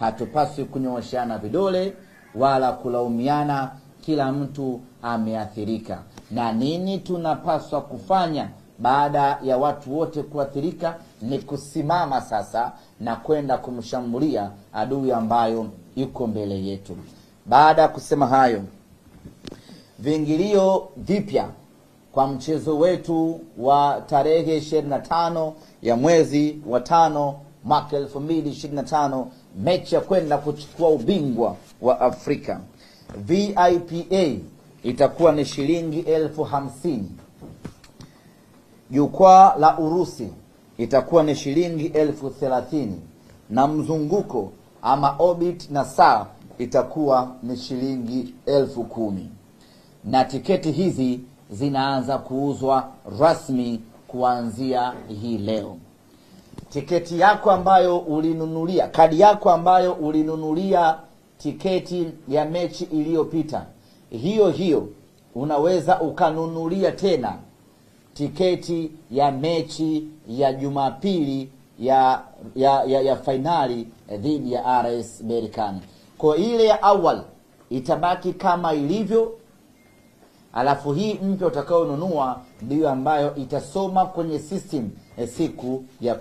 Hatupaswi kunyooshana vidole wala kulaumiana, kila mtu ameathirika. Na nini tunapaswa kufanya baada ya watu wote kuathirika? Ni kusimama sasa na kwenda kumshambulia adui ambayo yuko mbele yetu. Baada ya kusema hayo, viingilio vipya kwa mchezo wetu wa tarehe 25 ya mwezi wa tano mwaka 2025 mechi ya kwenda kuchukua ubingwa wa Afrika. VIPA itakuwa ni shilingi elfu hamsini. Jukwaa la Urusi itakuwa ni shilingi elfu thelathini na mzunguko ama orbit na saa itakuwa ni shilingi elfu kumi na tiketi hizi zinaanza kuuzwa rasmi kuanzia hii leo tiketi yako ambayo ulinunulia, kadi yako ambayo ulinunulia tiketi ya mechi iliyopita, hiyo hiyo unaweza ukanunulia tena tiketi ya mechi ya Jumapili ya ya, ya, ya fainali dhidi ya RS Berkane. Kwa ile ya awali itabaki kama ilivyo, alafu hii mpya utakayonunua ndiyo ambayo itasoma kwenye system eh, siku ya